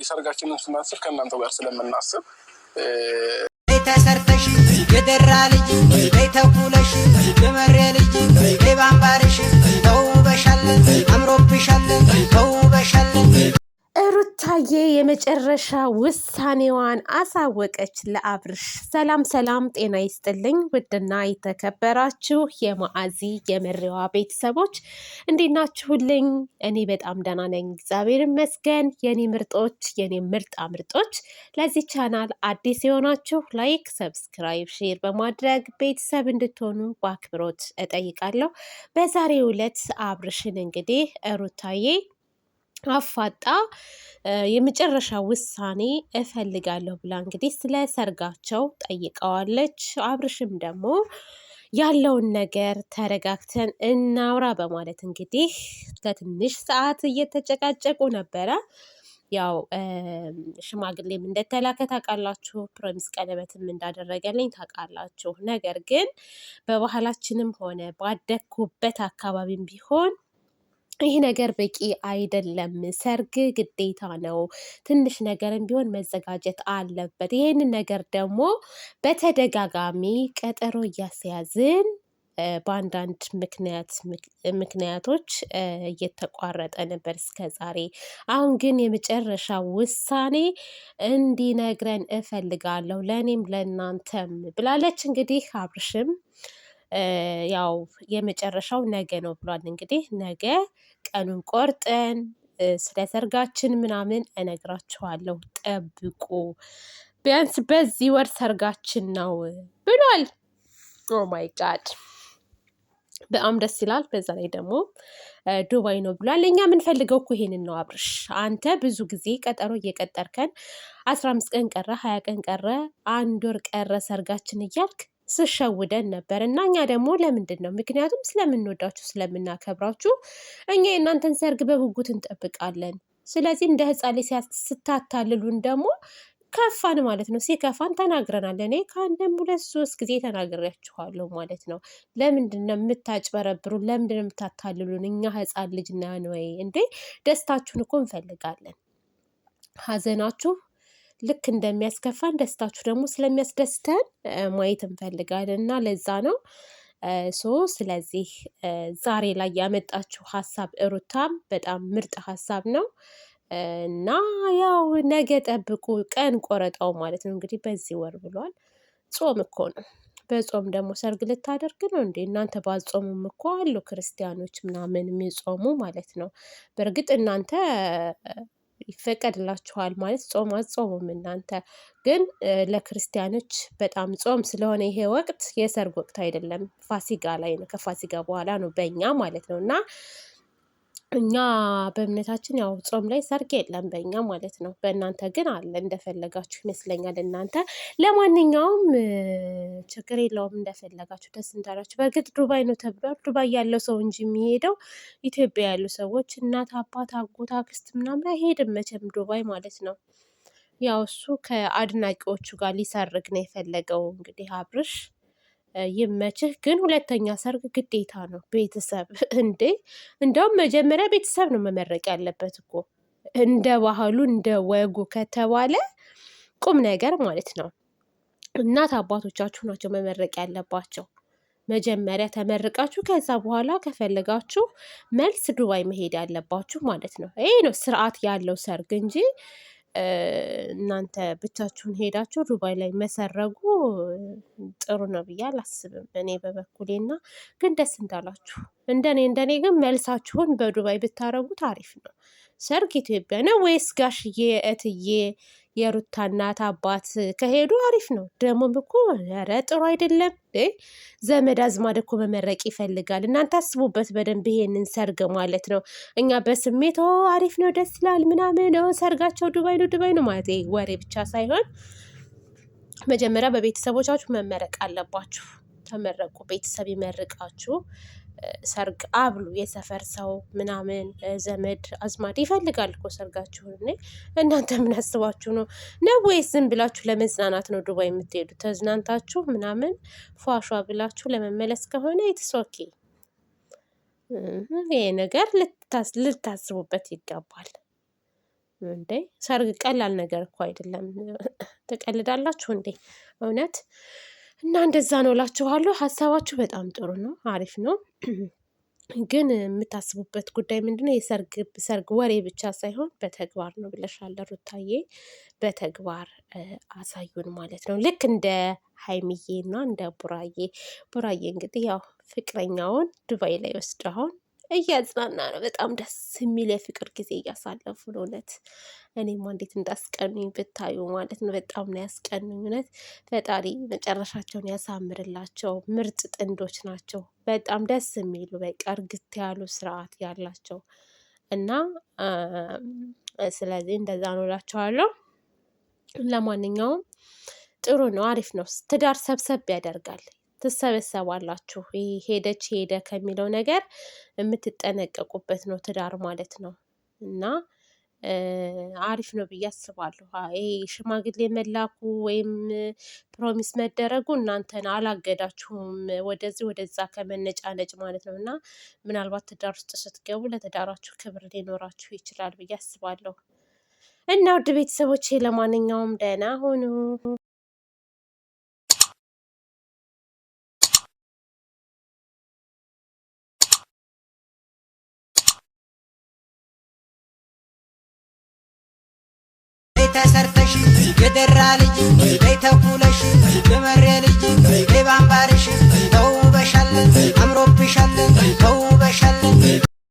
እንግዲህ ሰርጋችንን ስናስብ ከእናንተ ጋር ስለምናስብ ተሰርተሽ የደራ ልጅ ቤተኩለሽ የመሬ ልጅ ባምባርሽ ተውበሻለን አምሮብሻለን ሀይሚዬ የመጨረሻ ውሳኔዋን አሳወቀች ለአብርሽ። ሰላም ሰላም፣ ጤና ይስጥልኝ ውድና የተከበራችሁ የማዓዚ የመሪዋ ቤተሰቦች እንዴት ናችሁልኝ? እኔ በጣም ደህና ነኝ እግዚአብሔር ይመስገን። የኔ ምርጦች፣ የኔ ምርጣ ምርጦች፣ ለዚህ ቻናል አዲስ የሆናችሁ ላይክ፣ ሰብስክራይብ፣ ሼር በማድረግ ቤተሰብ እንድትሆኑ በአክብሮት እጠይቃለሁ። በዛሬው ዕለት አብርሽን እንግዲህ ሩታዬ አፋጣ የመጨረሻ ውሳኔ እፈልጋለሁ ብላ እንግዲህ ስለ ሰርጋቸው ጠይቀዋለች። አብርሽም ደግሞ ያለውን ነገር ተረጋግተን እናውራ በማለት እንግዲህ ለትንሽ ሰዓት እየተጨቃጨቁ ነበረ። ያው ሽማግሌም እንደተላከ ታውቃላችሁ፣ ፕሮሚስ ቀለበትም እንዳደረገልኝ ታውቃላችሁ። ነገር ግን በባህላችንም ሆነ ባደግኩበት አካባቢም ቢሆን ይህ ነገር በቂ አይደለም። ሰርግ ግዴታ ነው። ትንሽ ነገርም ቢሆን መዘጋጀት አለበት። ይህንን ነገር ደግሞ በተደጋጋሚ ቀጠሮ እያስያዝን በአንዳንድ ምክንያት ምክንያቶች እየተቋረጠ ነበር እስከ ዛሬ። አሁን ግን የመጨረሻ ውሳኔ እንዲነግረን እፈልጋለሁ ለእኔም ለእናንተም ብላለች። እንግዲህ አብርሽም ያው የመጨረሻው ነገ ነው ብሏል። እንግዲህ ነገ ቀኑን ቆርጠን ስለ ሰርጋችን ምናምን እነግራችኋለሁ ጠብቁ፣ ቢያንስ በዚህ ወር ሰርጋችን ነው ብሏል። ኦ ማይ ጋድ በጣም ደስ ይላል። በዛ ላይ ደግሞ ዱባይ ነው ብሏል። እኛ የምንፈልገው እኮ ይሄንን ነው አብርሽ። አንተ ብዙ ጊዜ ቀጠሮ እየቀጠርከን አስራ አምስት ቀን ቀረ፣ ሀያ ቀን ቀረ፣ አንድ ወር ቀረ ሰርጋችን እያልክ ስሸውደን ነበር እና እኛ ደግሞ ለምንድን ነው? ምክንያቱም ስለምንወዳችሁ ስለምናከብራችሁ እኛ የእናንተን ሰርግ በጉጉት እንጠብቃለን። ስለዚህ እንደ ሕፃን ላይ ስታታልሉን ደግሞ ከፋን ማለት ነው። ሲከፋን ተናግረናል። እኔ ከአንድም ሁለት ሶስት ጊዜ ተናግሬያችኋለሁ ማለት ነው። ለምንድን ነው የምታጭበረብሩን? ለምንድን ነው የምታታልሉን? እኛ ህፃን ልጅ ነን ወይ እንዴ? ደስታችሁን እኮ እንፈልጋለን። ሀዘናችሁ ልክ እንደሚያስከፋን ደስታችሁ ደግሞ ስለሚያስደስተን ማየት እንፈልጋለን እና ለዛ ነው ሶ ስለዚህ ዛሬ ላይ ያመጣችው ሀሳብ እሩታም በጣም ምርጥ ሀሳብ ነው እና ያው ነገ ጠብቁ፣ ቀን ቆረጠው ማለት ነው እንግዲህ በዚህ ወር ብሏል። ጾም እኮ ነው። በጾም ደግሞ ሰርግ ልታደርግ ነው እንዴ እናንተ? ባጾሙም እኮ አሉ ክርስቲያኖች ምናምን የሚጾሙ ማለት ነው። በእርግጥ እናንተ ይፈቀድላችኋል ማለት ጾም አጾሙም እናንተ ግን ለክርስቲያኖች በጣም ጾም ስለሆነ ይሄ ወቅት የሰርግ ወቅት አይደለም፣ ፋሲጋ ላይ ነው። ከፋሲጋ በኋላ ነው በእኛ ማለት ነው እና እኛ በእምነታችን ያው ጾም ላይ ሰርግ የለም በእኛ ማለት ነው። በእናንተ ግን አለ እንደፈለጋችሁ ይመስለኛል። እናንተ ለማንኛውም ችግር የለውም፣ እንደፈለጋችሁ ደስ እንዳላችሁ። በእርግጥ ዱባይ ነው ተብሏል። ዱባይ ያለው ሰው እንጂ የሚሄደው ኢትዮጵያ ያሉ ሰዎች እናት፣ አባት፣ አጎት፣ አክስት ምናምን አይሄድም መቼም ዱባይ ማለት ነው። ያው እሱ ከአድናቂዎቹ ጋር ሊሰርግ ነው የፈለገው እንግዲህ አብርሽ ይመችህ። ግን ሁለተኛ ሰርግ ግዴታ ነው ቤተሰብ እንዴ! እንደውም መጀመሪያ ቤተሰብ ነው መመረቅ ያለበት እኮ እንደ ባህሉ እንደ ወጉ ከተባለ ቁም ነገር ማለት ነው። እናት አባቶቻችሁ ናቸው መመረቅ ያለባቸው። መጀመሪያ ተመርቃችሁ ከዛ በኋላ ከፈለጋችሁ መልስ ዱባይ መሄድ ያለባችሁ ማለት ነው። ይሄ ነው ስርዓት ያለው ሰርግ እንጂ እናንተ ብቻችሁን ሄዳችሁ ዱባይ ላይ መሰረጉ ጥሩ ነው ብዬ አላስብም እኔ በበኩሌ እና ግን ደስ እንዳላችሁ እንደኔ እንደኔ ግን መልሳችሁን በዱባይ ብታረጉት አሪፍ ነው ሰርግ ኢትዮጵያ ነው ወይስ ጋሽዬ እትዬ የሩታ እናት አባት ከሄዱ አሪፍ ነው። ደግሞም እኮ ኧረ ጥሩ አይደለም። ዘመድ አዝማድ እኮ መመረቅ ይፈልጋል። እናንተ አስቡበት በደንብ ይሄንን ሰርግ ማለት ነው። እኛ በስሜት አሪፍ ነው፣ ደስ ይላል ምናምን ሰርጋቸው ዱባይ ነው ዱባይ ነው ማለት ወሬ ብቻ ሳይሆን መጀመሪያ በቤተሰቦቻችሁ መመረቅ አለባችሁ። ተመረቁ፣ ቤተሰብ ይመርቃችሁ፣ ሰርግ አብሉ። የሰፈር ሰው ምናምን ዘመድ አዝማድ ይፈልጋል እኮ ሰርጋችሁ። እናንተ ምን አስባችሁ ነው ነው ወይስ ዝም ብላችሁ ለመዝናናት ነው ዱባይ የምትሄዱ? ተዝናንታችሁ ምናምን ፏሿ ብላችሁ ለመመለስ ከሆነ የተሶኬ ይሄ ነገር ልታስቡበት ይገባል። እንዴ ሰርግ ቀላል ነገር እኮ አይደለም። ትቀልዳላችሁ እንዴ እውነት እና እንደዛ ነው እላችኋለሁ። ሀሳባችሁ በጣም ጥሩ ነው፣ አሪፍ ነው። ግን የምታስቡበት ጉዳይ ምንድነው? የሰርግ ሰርግ ወሬ ብቻ ሳይሆን በተግባር ነው ብለሻለ ሩታዬ። በተግባር አሳዩን ማለት ነው። ልክ እንደ ሀይሚዬ እና እንደ ቡራዬ። ቡራዬ እንግዲህ ያው ፍቅረኛውን ዱባይ ላይ አሁን እያጽናና ነው። በጣም ደስ የሚል የፍቅር ጊዜ እያሳለፉ ነው። እውነት እኔማ እንዴት እንዳስቀኑኝ ብታዩ ማለት ነው። በጣም ነው ያስቀኑኝ። እውነት ፈጣሪ መጨረሻቸውን ያሳምርላቸው። ምርጥ ጥንዶች ናቸው። በጣም ደስ የሚሉ በቃ እርግት ያሉ ስርዓት ያላቸው እና ስለዚህ እንደዛ ነው እላቸዋለሁ። ለማንኛውም ጥሩ ነው፣ አሪፍ ነው። ትዳር ሰብሰብ ያደርጋል። ትሰበሰባላችሁ። ሄደች ሄደ ከሚለው ነገር የምትጠነቀቁበት ነው ትዳር ማለት ነው እና አሪፍ ነው ብዬ አስባለሁ። ይሄ ሽማግሌ መላኩ ወይም ፕሮሚስ መደረጉ እናንተን አላገዳችሁም ወደዚህ ወደዛ ከመነጫነጭ ማለት ነው እና ምናልባት ትዳር ውስጥ ስትገቡ ለትዳራችሁ ክብር ሊኖራችሁ ይችላል ብዬ አስባለሁ እና ውድ ቤተሰቦቼ ለማንኛውም ደህና ሁኑ። ተሰርተሽ የደራ ልጅ በይተኩ